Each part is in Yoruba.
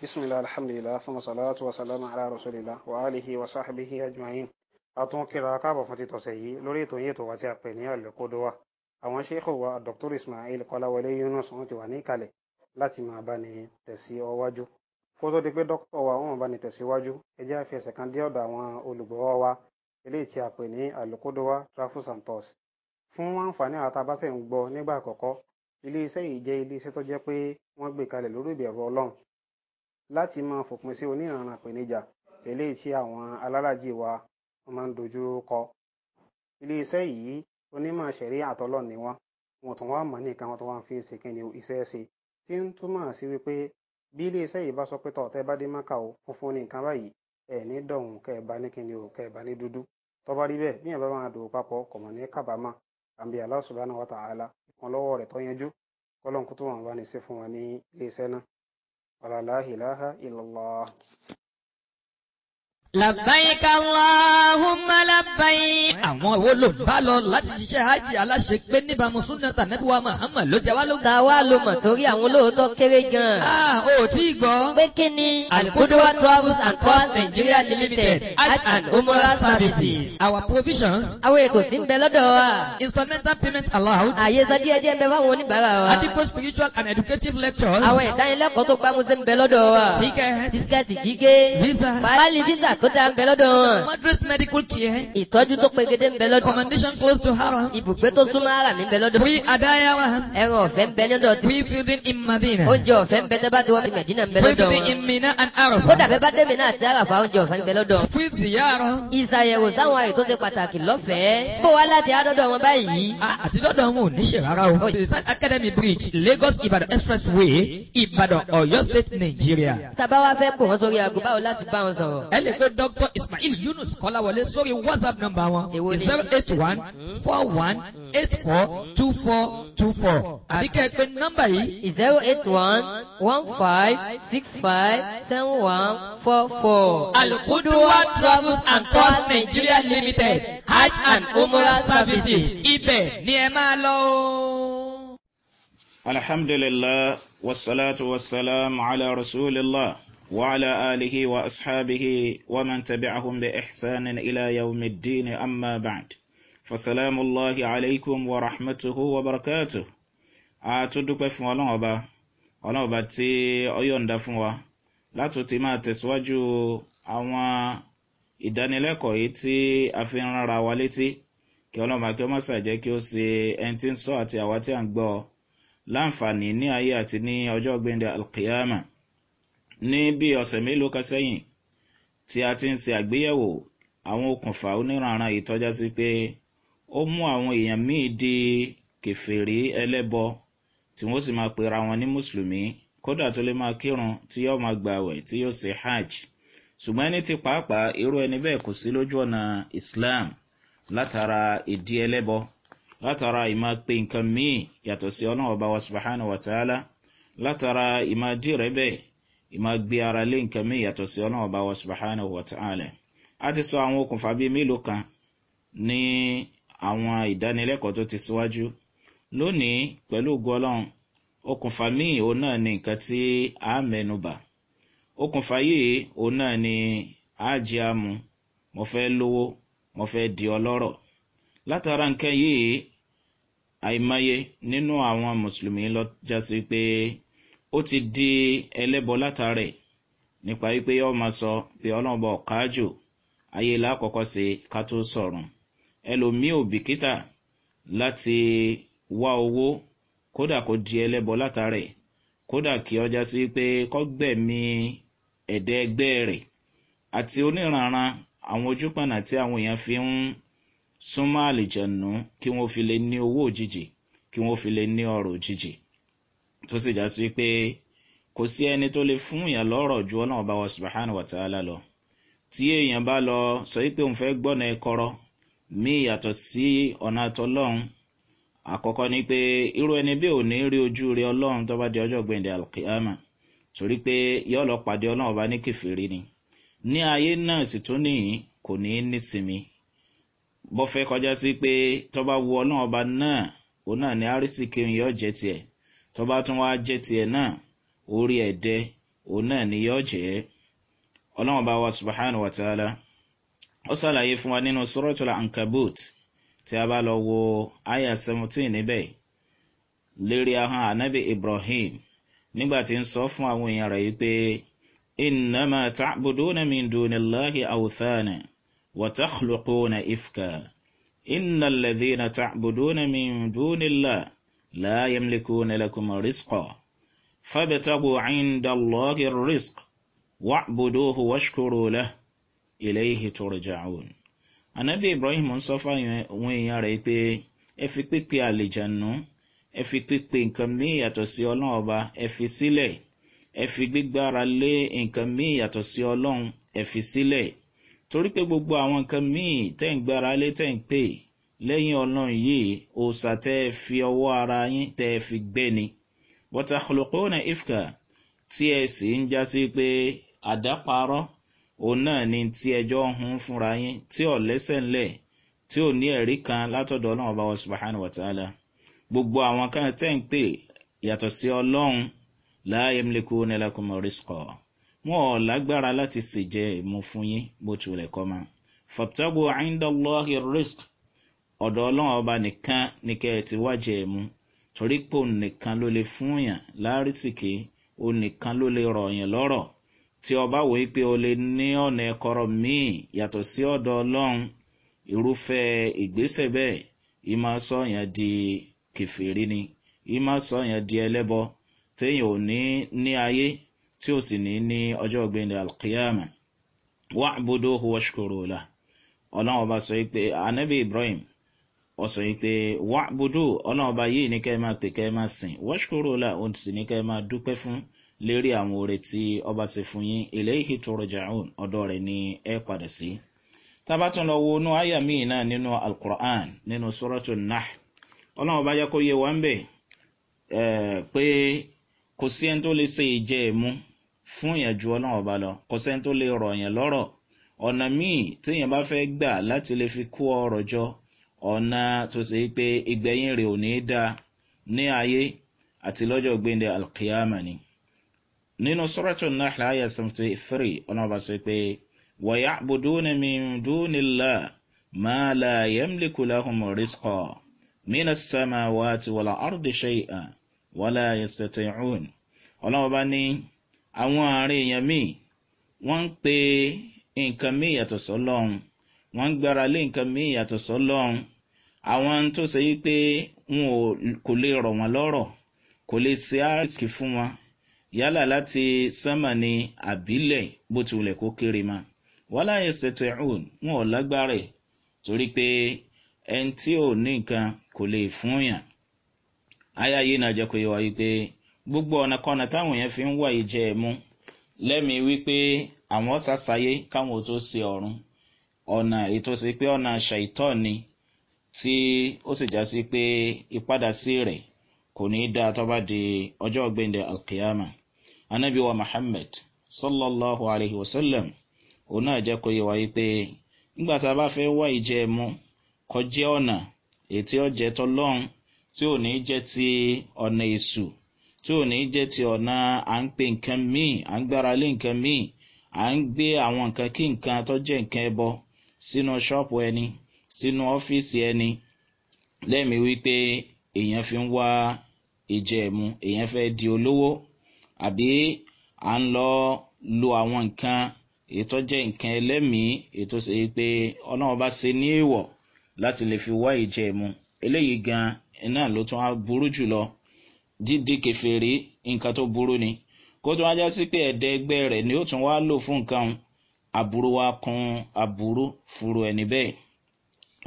bisimilahi alhamdulilah fama salatu wa salam ala rasulillah wa alihi wa sahbihi ajma'in a tún kíra káàbọ̀ fún títọ̀sẹ̀ yìí lórí ètò yìí tó wá tí a pè ní àlùkòdówà àwọn ṣéèkò wa dr ismail kọláwọlé yunus wọn ti wà ní ìkàlẹ̀ láti máa bá ní tẹ̀sí ọwájú kó tó di pé dókítà wa wọn bá ní tẹ̀síwájú ẹ jẹ́ àfi ẹsẹ̀ kan dé ọ̀dọ̀ àwọn olùgbọ́wọ́ wa eléyìí tí a pè ní àlùkòdówà travels and tours fún àǹfààní àtàbáṣe ń gbọ́ nígbà àkọ́kọ́ ilé yìí jẹ́ ilé tó jẹ́ pé wọ́n gbé kalẹ̀ lórí ìbẹ̀rù ọlọ́run láti máa fòpin sí oníranran ìpèníjà eléyìí tí àwọn alálàájì wa máa ń dojú kọ iléeṣẹ́ yìí onímọ̀ ṣẹ̀rí àtọ́lọ̀ ni wọ́n wọn tún wá mọ̀ nìkan wọn tún wá ń fi ṣèkínni iṣẹ́ ṣe tí ń túmọ̀ sí wípé bí iléeṣẹ́ yìí bá sọ pé tọ̀tẹ́ bá dé máka o funfun ní nǹkan báyìí ẹ̀ ní dọ̀hún kẹ́ ẹ̀ bá ní kíni o kẹ́ ẹ̀ bá ní dúdú tọ́ba rí bẹ́ẹ̀ bí yẹn bá máa dòwò papọ̀ kò mọ̀ ní kábàámà àbí Allah subhanahu ìkànlọ́wọ́ rẹ̀ tó yanjú kọ́lọ́n kó tó wọn bá ní ṣe fún wọn ní iléeṣẹ́ náà على لا إله إلا الله Làbáyín ká Allahumma làbáyín. Àwọn wo ló bá lọ láti ṣiṣẹ́ hajj aláṣẹ pé níbàámu súnà tànẹ́bí wa Muhammad ló jẹ wá ló. Ta wá lo mọ̀ torí àwọn olóòótọ́ kéré gan-an. A ò tí ì gbọ́. Pé kí ni? Alikudowa Travels and Tours Nigeria Limited Hajj and Umrah Services. Our provisions. Àwọn ètò tí ń bẹ lọ́dọ̀ wa. Instrumental payment allowed. Àyè san díẹ̀ díẹ̀ ń bẹ fáwọn oníbàárà wa. Adequate spiritual and educative lectures. Àwọn ìdánilẹ́kọ̀ọ́ tó gbámúsẹ́ ń bẹ lọ́dọ̀ wa. Tíkẹ́. Tíkẹ́ẹ̀tì gígé. Visa. Pálí visa tó dáa ń bẹ lọ́dọ̀ wọn. moderate medical care. ìtọ́jú tó pegede ń bẹ lọ́dọ̀. commendation close to haram. ibùgbé tó súnmọ́ ara mi ń bẹ lọ́dọ̀. free adayawa. ẹran ọ̀fẹ́ ń bẹ lọ́dọ̀. free building in Madina. oúnjẹ ọ̀fẹ́ ń bẹ tẹ́ bá ti wọ́n ti Mẹ̀dínà ń bẹ lọ́dọ̀ wọn. free building in Mina and Arab. kódà bẹ́ẹ̀ bá dé Mina àti Arab oúnjẹ ọ̀fẹ́ ń bẹ lọ́dọ̀. free ziyara. ìsàyẹ̀wò sáwọn àyè tó ṣe pàtàkì lọ́fẹ̀ẹ́. bó wa láti adọ́dọ̀ wọn báyìí. àti dọ́dọ̀ wọn ò ní Academy Bridge Lagos Ibadan Expressway Ibadan Ọ̀yọ́ State Nigeria. tàbá wa fẹ́ pò wọ́n sórí aago pé Dr. Ismail Yunus Kọ́láwọlé sórí WhatsApp number wọn zero eight one four one eight four two four two four àbí kẹ́ ẹ pé nọ́mbà yìí. zero eight one one five six five seven one four four. Alukuduwa Travels and Tours Nigeria Limited Hajj and Umrah Services ibẹ̀ ni ẹ máa lọ o. alhamdulillah wasalaatu wasalaam ala rasulillah. وعلى آله وأصحابه ومن تبعهم بإحسان إلى يوم الدين أما بعد فسلام الله عليكم ورحمته وبركاته أتدك أبا؟ لنبا ولنبا تي أيون دفوا لا تتما تسواجو أما ìdánilẹ́kọ̀ọ́ yìí tí a fi ń rárá wa létí kí ọlọ́run bá kí ó má ṣàjẹ́ kí ó ṣe ẹni tí ń sọ àti àwa tí à ń gbọ́ láǹfààní ní ayé àti ní ọjọ́ gbẹ̀ndẹ̀ alkiyama. ní bí ọ̀sẹ̀ mélòó kan sẹ́yìn tí a ti ń ṣe àgbéyẹ̀wò àwọn okùnfà oníranran ìtọ́já sí pé ó mú àwọn èèyàn míì di kẹfìrí ẹlẹ́bọ tí wọ́n sì máa pera wọn ní mùsùlùmí kódà tó lè máa kírun tí yóò máa gba tí yóò ṣe hajj ṣùgbọ́n ẹni pàápàá irú ẹni bẹ́ẹ̀ kò islam látara ìdí ẹlẹ́bọ látara ìmá pe nǹkan míì yàtọ̀ sí ọlọ́run ọba wa subahana wa ta'ala látara ìmọ̀ gbé ara lé nǹkan mí ìyàtọ̀ sí ọlọ́run ọba wa subahana wa ta'ala a ti sọ àwọn okùnfà bíi mélòó kan ní àwọn ìdánilẹ́kọ̀ọ́ tó ti síwájú lónìí pẹ̀lú ògùn okùnfà míì òun náà ni nǹkan tí a mẹnuba okùnfà yìí òun náà ni a jẹ amú mo fẹ́ lówó mo fẹ́ di ọlọ́rọ̀ látara nǹkan yìí àìmọye nínú àwọn mùsùlùmí lọ jásí pé ó ti di ẹlẹ́bọ látàrẹ̀ nípa wípé yọ́ máa sọ pé ọlọ́run bá ọ̀kájò ayé lákọ̀ọ́kọ́ sí ká tó sọ̀rùn ẹlòmíì ò bìkítà láti wá owó kódà kó di ẹlẹ́bọ látàrẹ̀ kódà kí ọjà sí pé kọ́ gbẹ̀mí ẹ̀dẹ́ ẹgbẹ́ rẹ̀ àti oníranran àwọn ojúpọ̀nà tí àwọn èèyàn fi ń súnmọ́ àlìjẹ̀nù kí wọ́n fi lè ní owó òjijì kí wọ́n fi lè ní ọrọ̀ òjijì. tó sì já sí pé kò sí ẹni tó lè fún èèyàn lọ́rọ̀ ju ọlọ́run bá wa subahana wa ta'ala lọ tí èèyàn bá lọ sọ pé òun fẹ́ gbọ́nà ẹkọrọ mí yàtọ̀ sí ọ̀nà àtọ́lọ́run àkọ́kọ́ ni pé irú ẹni bí ò ní rí ojú rí ọlọ́run tó bá di ọjọ́ gbẹ̀ndẹ̀ alkiyama torí pé yóò lọ pàdé ọlọ́run bá ní kẹfìrí ni ní ayé náà sì tún nìyí kò ní í nísinmi bọ́fẹ́ kọjá sí pé tọ́ba wu ọlọ́run ọba náà òun náà ní àrísìkì yóò jẹ́ tiẹ̀ tọ́ba tún wá jẹ́ tiẹ̀ náà orí ẹ̀dẹ́ òun náà ni yọ́ jẹ́ ọlọ́run bá wa subhanahu wa ta'ala ó ṣàlàyé fún wa nínú sọ́rọ́tùlà ankabut tí a bá lọ wo aya seventeen níbẹ̀ lérí ahọ́n anabi ibrahim nígbà tí ń sọ fún àwọn èèyàn rẹ̀ yìí pé innama ta'buduna min dunillahi awthana wa takhluquna ifka innal ladhina ta'buduna min dunillahi لا يملكون لكم رزقا فابتغوا عند الله الرزق واعبدوه واشكروا له إليه ترجعون anabi ibrahim ń sọ fáwọn èèyàn rẹ̀ pé ẹ fi pípe àlìjànú ẹ fi pípe nǹkan míì yàtọ̀ sí ọlọ́run ọba ẹ fi sílẹ̀ ẹ fi gbígbára lé nǹkan míì yàtọ̀ sí ọlọ́run ẹ fi sílẹ̀ torí pé gbogbo àwọn nǹkan míì tẹ̀ ń gbára lé tẹ̀ ń pè é lẹ́yìn ọlọ́run yìí òòsà tẹ́ ẹ fi ọwọ́ ara yín tẹ́ ẹ fi gbẹ́ ni bọ́tà kọlọ́kọ́nà ifka tí ẹ sì ń já sí pé àdáparọ́ òun náà ni tí ẹjọ́ hun fúnra yín tí ò lẹ́sẹ̀ ńlẹ̀ tí ò ní ẹ̀rí kan látọ̀dọ̀ ọlọ́run ọba wasubahánu wàtàlá gbogbo àwọn kan tẹ́ ń pè yàtọ̀ sí ọlọ́run láàyè mlẹ́kù nílákùnmọ́ rìsíkọ̀ wọn ò lágbára láti ṣèjẹ́ ìmú fún yín bó tilẹ̀ kọ́ ma fọ̀tàbù àyíndàlọ́hìn rìsíkọ̀ ọ̀dọ̀ ọlọ́run ọba nìkan ni kẹ́ ẹ ti wájẹ mu torí pé òun nìkan ló lè fún yàn lárísìkè òun nìkan ló lè rọ̀ yàn lọ́rọ̀ tí ọba wòye pé o lè ní ọ̀nà ẹ̀kọ́rọ̀ míì yàtọ̀ sí ọ̀dọ̀ ọlọ́run irúfẹ́ ìgbésẹ̀ bẹ́ẹ̀ ìmọ̀ sọ̀yàn di kẹfìrí ni ìmọ̀ sọ̀yàn di ẹlẹ́bọ téèyàn ò ní ní ayé tí ò sì ní ní ọjọ́ ọ̀gbìn alkiyama wàá bodò huwashkorola ọlọ́run ọba sọ pé anabi ibrahim wọ́n sọ wípé wà bùdó ọlọ́run ọba yìí ní kẹ́ ẹ máa pè kẹ́ ẹ máa sìn wọ́ṣkúrò là ó sì ní kẹ́ ẹ máa dúpẹ́ fún lérí àwọn oore tí ọba ṣe fún yín eléyìí tọrọ jàún ọ̀dọ́ rẹ̀ ni ẹ padà sí. tábàtún lọ wo inú àyà míì náà nínú alukur'an nínú sọ́rọ́tù náà ọlọ́run ọba yẹ kó yẹ wá ń bẹ̀ pé kò sí ẹni tó lè ṣe ìjẹ́ ẹ̀mú fún ìyànjú ọlọ́run ọba lọ kò sẹ́ni tó lè rọ̀ yẹn lọ́rọ̀ ọ̀nà míì téèyàn bá fẹ́ gbà láti lè fi kó ọrọ̀ jọ ọ̀nà tó ṣe pé ìgbẹ̀yìn rẹ̀ ò ní dá ní ayé àti lọ́jọ́ gbẹ̀ndẹ̀ alkiyama ni nínú sọ́rọ̀tún náà láyà 73 ọ̀nà bá ṣe pé wàyà àbùdúnà mìíràn ما لا يملك لهم رزقا من السماوات والأرض شيئا ولا يستطيعون ọlọ́wọ́ bá ní àwọn àárín èèyàn míì wọ́n ń pe nǹkan míì yàtọ̀ sọ́lọ́run wọ́n ń gbára lé nǹkan míì yàtọ̀ sọ́lọ́run àwọn tó ṣe wípé wọn kò lè rọ̀ wọ́n lọ́rọ̀ kò lè ṣe àrísìkì fún wọn yálà láti sánmà ni àbílẹ̀ bó ti wulẹ̀ kó kéré ma wọ́n láyé ṣètò ẹ̀hún wọn ò lágbára torí pé ẹni tí ò ní nǹkan kò lè fún yàn aya yìí náà jẹ́ kó yẹ wá wípé gbogbo ọ̀nà kọ́nà táwọn yẹn fi ń wà yìí jẹ́ ẹ̀mú lẹ́mìí wípé àwọn ṣàṣàyé káwọn ò tó ṣe ọ̀run ọ̀nà ètò sí pé ọ̀nà ṣàìtọ́ ni tí ó sì já sí pé ìpadà sí rẹ̀ kò ní í dá tó bá di ọjọ́ ọ̀gbìndẹ̀ alkiyama anabi wa muhammed sallallahu alayhi wa sallam òun náà jẹ́ kó yẹ wáyé pé nígbà tá a bá fẹ́ wá ìjẹ́ mu kọjá ọ̀nà ètí ọ̀jẹ̀ tọ́lọ́run tí ò ní jẹ́ ti ọ̀nà èṣù tí ò ní jẹ́ ti ọ̀nà à ń pe nǹkan míì à ń gbára lé nǹkan míì à ń gbé àwọn nǹkan kí sínú ṣọ́ọ̀pù ẹni sínú ọ́fíìsì ẹni lẹ́mi wípé èèyàn fi ń wá ìjẹ ẹ̀mu èèyàn fẹ́ di olówó àbí à ń lọ lo àwọn nǹkan ètò jẹ́ nǹkan ẹlẹ́mìí ètò ṣe pé ọlọ́run bá ṣe ní èèwọ̀ láti lè fi wá ìjẹ ẹ̀mu eléyìí gan iná ló tún á burú jùlọ dídí kẹfẹ́rí nǹkan tó burú ni kó tún á já sí pé ẹ̀dẹ́ rẹ̀ ni ó tún wá lò fún nǹkan aburú wa kún aburú furu ẹni bẹ́ẹ̀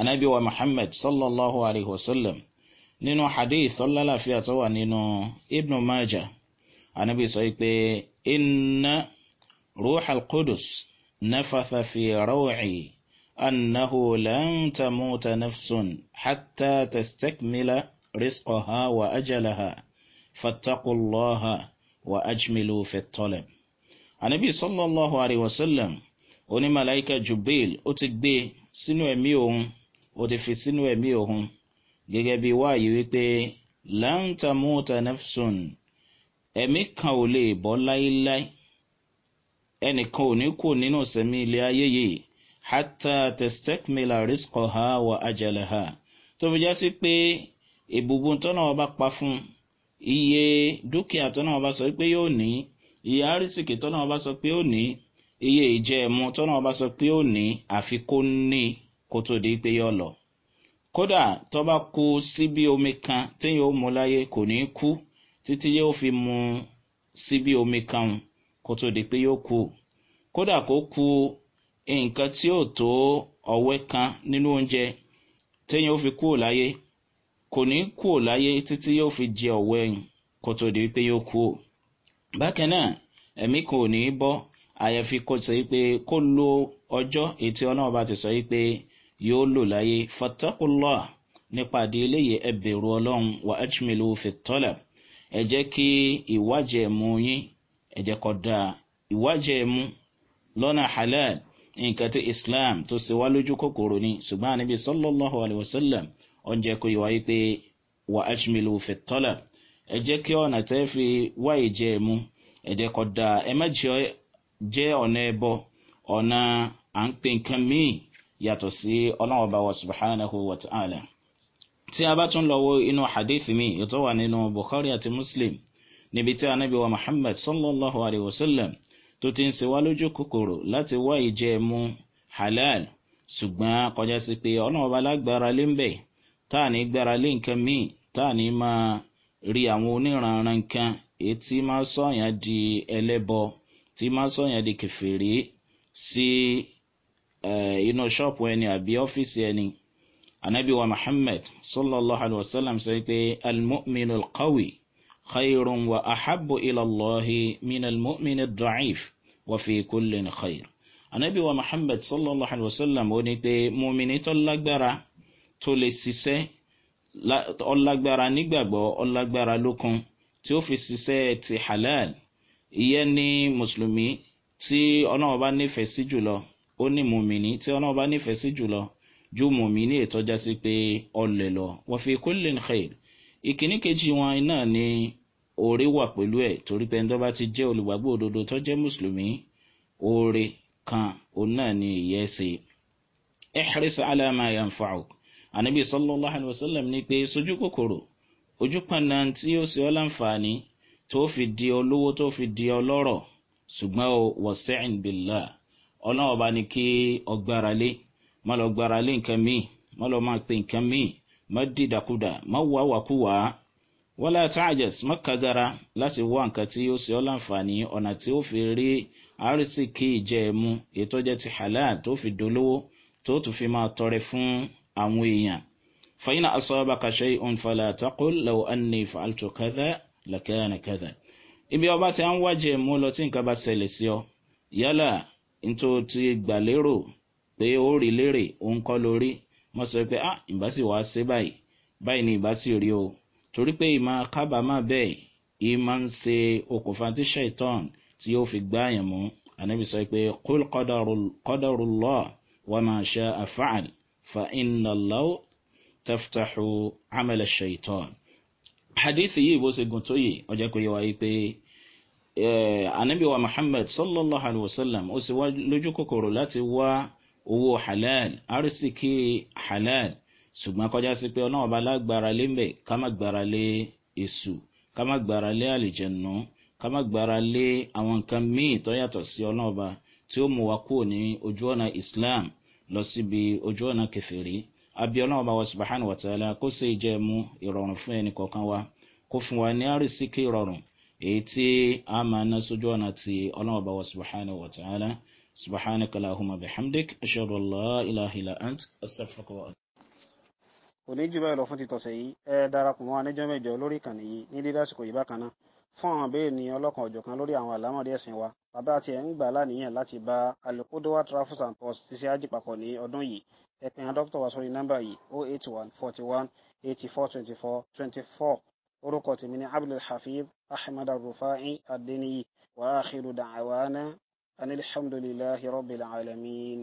anabi wa muhammed sallallahu alaihi wasallam sallam nínú hadith ọlọ́láfíà tó wà nínú ibnu maja anabi sọ pé iná ruuxa qudus nafatha fi rawci annahu lan tamuuta nafsun hatta tastakmila risqaha wa ajalaha fattaqu wa ajmilu fi talab anabi sallallahu alaihi wasallam onímàláìkà jubail ó ti gbé sínú ẹ̀mí òun ó ti fi sínú ẹ̀mí òun gẹ́gẹ́ bí wáyé wípé lantamuta nefson ẹ̀mí kan ò lè bọ́ láéláé ẹnìkan ò ní kú nínú sẹ́mi ilé ayé yìí hata testekmila riskoha wa ajalaha tó fi já sí pé ìbùbùn tọ́nà ọba pa fún iye dúkìá tọ́nà ọba sọ pé yóò ní iye àrísìkì tọ́nà ọba sọ pé yóò ní iye ìjẹ́ ẹ̀mu tọ́nà ọba sọ pé ó ní àfi kó ní kó tó di pé yọ lọ. kódà tó bá kú síbi omi kan téèyàn ó mu láyé kò ní kú títí yóò fi mu síbi omi kan kó tó di pé yóò kú. kódà kó ku nǹkan tí ò tó ọ̀wẹ́ kan nínú oúnjẹ téèyàn ó fi kú láyé kò ní kú láyé títí yóò fi jẹ ọ̀wẹ́ kó tó di pé yóò kú. bákan náà ẹ̀mí kan ò ní bọ́ àyẹ̀fi kó sọ yìí pé kó lo ọjọ́ ètí ọlọ́run bá ti sọ yìí pé yóò lò láyé fatakulọ́ nípàdé eléyìí ẹbẹ̀rù ọlọ́run wà ájúmẹ́lú fìtọ́lẹ̀ ẹ jẹ́ kí ìwádìí ẹ̀mú yín ẹ jẹ́ kọ́ da ìwádìí ẹ̀mú lọ́nà halal nǹkan tí islam tó ṣe wá lójú kòkòrò ni ṣùgbọ́n àníbi sallallahu alayhi wa sallam ọ̀n jẹ́ kó ìwà pé wà ájúmẹ́lú fìtọ́lẹ̀ ẹ jẹ́ kí ọ̀nà tẹ́ fi wá ìjẹ́ ẹ̀mú ẹ jẹ́ kọ́ da ẹ má jẹ́ jẹ́ ọ̀nà ẹbọ ọ̀nà à ń pè nǹkan míì yàtọ̀ sí ọlọ́run ọba wa subhanahu wa ta'ala. tí a bá tún lọ wo inú hadith mi ètò wà nínú bukhari àti muslim níbi tí anabi wa muhammad sallallahu alayhi wa sallam tó ti ń ṣe wá lójú kòkòrò láti wá ìjẹ́ mu halal ṣùgbọ́n kọjá sí pé ọlọ́run ọba lágbára lé ń bẹ̀ tá à ní gbára lé nǹkan míì tá à ní máa rí àwọn oníranran nǹkan èyí tí máa sọ̀yàn di ẹlẹ́bọ tí máa sọ̀yàn di kẹfìrí sí inú ṣọ́ọ̀pù ẹni àbí ọ́fíìsì ẹni anabi wa muhammed sallallahu alaihi wa sallam sọ pé almu'minu alqawi khayrun wa ahabbu ilallahi min almu'minu da'if wa fi kullin khayr anabi wa muhammed sallallahu alaihi wa sallam ó ní pé mumini tó lágbára tó lè ṣiṣẹ́ ọlágbára nígbàgbọ́ ọlágbára lókun tí ó fi ṣiṣẹ́ ti halal ìyẹn ni mùsùlùmí tí ọlọ́run bá nífẹ̀ẹ́ sí jùlọ ó ní mùmíní tí ọlọ́run bá nífẹ̀ẹ́ sí jùlọ ju mùmíní ìtọ́já sí pé ọlẹ̀ lọ wọ́n fi kó lè xe ìkíní kejì wọn náà ni oore wà pẹ̀lú ẹ̀ torí pé ẹnìtọ́ bá ti jẹ́ olùgbàgbọ́ òdodo tó jẹ́ mùsùlùmí oore kan òun náà ni ìyẹn ṣe ehris alama yanfa'u anabi sallallahu alayhi wa sallam ni pé sojú kòkòrò ojú pàǹdà tí ó ṣe ọ́ láǹfààní tó fi di olówó tó fi di ọlọ́rọ̀ ṣùgbọ́n o wọ̀sẹ́yìn bìlá ọlọ́run ọba ni kí ọgbára lé má lọ gbára lé nǹkan míì má lọ máa pe nǹkan míì má dìdàkudà má wà wàkúwà wọ́n láti àjẹs má kagara láti wá nǹkan tí ó ṣe ọ́ láǹfààní ọ̀nà tí ó fi rí àrísìkì ìjẹ́ẹ̀mú ètò jẹ́ ti halal tó fi dolówó tó tún fi máa tọrẹ fún àwọn èèyàn. fàyínà asọ́ba kàṣẹ́ ìhùn falẹ̀ àtàkùn lọ́wọ́ ẹni fàlùtò kẹ́tẹ́ lẹ́kẹ́rin kẹ́dà ibi ọba tí a ń wájẹ mú lọ tí nǹkan bá ṣẹlẹ̀ sí ọ yálà nítò ti gbà lérò pé ó rí lérè òun kọ́ lórí wọ́n sọ pé ah ìbá sì wá sí báyìí báyìí ni ìbá sì rí o torí pé ìmọ̀ kábàámà bẹ́ẹ̀ ìmọ̀ ń ṣe okùnfà tí ṣètọ́n tí yóò fi gbá àyàn mú anabi sọ pé kúl kọ́dọ̀rù lọ wọ́n máa ṣe àfáàl fa iná lọ́wọ́ tẹ́fùtàhù amẹ́lẹ̀ ṣètọ́n hadithi yìí bó ṣe gùn tó yìí ọjọ́ pé yẹ wáyé pé anabi wa muhammed sallallahu alayhi wa sallam ó sì wá lójú kòkòrò láti wá owó halal arísìkí halal ṣùgbọ́n kọjá sí pé ọlọ́run ọba lágbára lé mbẹ̀ ká má gbára lé èṣù ká má gbára lé àlìjẹ̀nù ká má gbára lé àwọn nǹkan míì tó yàtọ̀ sí ọlọ́run ọba tí ó mú wa kúrò ní ojú ọ̀nà islam lọ síbi ojú ọ̀nà kẹfẹ́rí abiola ọba wa subahana wa taala kó ṣe ìjẹmu ìrọ̀rùn fún ẹnì kọ̀ọ̀kan wa kó fún wa ní àrísíkì ìrọ̀rùn èyí tí a máa ná sójú ọ̀nà ti ọlọ́wọ́ ọba wa subahana wa taala subahana kalahuma bihamdik ashadu allah ilaha illa ant asafaka wa. òní jù báyìí lọ fún títọ̀sẹ̀ yìí ẹ darapọ̀ mọ́ aníjọ́ mẹ́jọ lórí ìkànnì yìí ní dídá àsìkò yìí bákan náà fún àwọn ìbéèrè ní ọlọ́kan ọ̀jọ̀kan lórí àwọn àlámọ̀dé ẹ̀sìn wa bàbá àti ẹ̀ ń gbà láníyàn láti bá alukodowa travels and post ṣiṣẹ́ ajípapọ̀ ní ọdún yìí ẹ pè hàn dókítà wa sórí nọ́mbà yìí oh eight one forty one eighty four twenty four twenty four orúkọ tèmi ni abdul ahmed arufai adeniyi wa akhiru da'wana anilhamdulilahi rabbil alamin.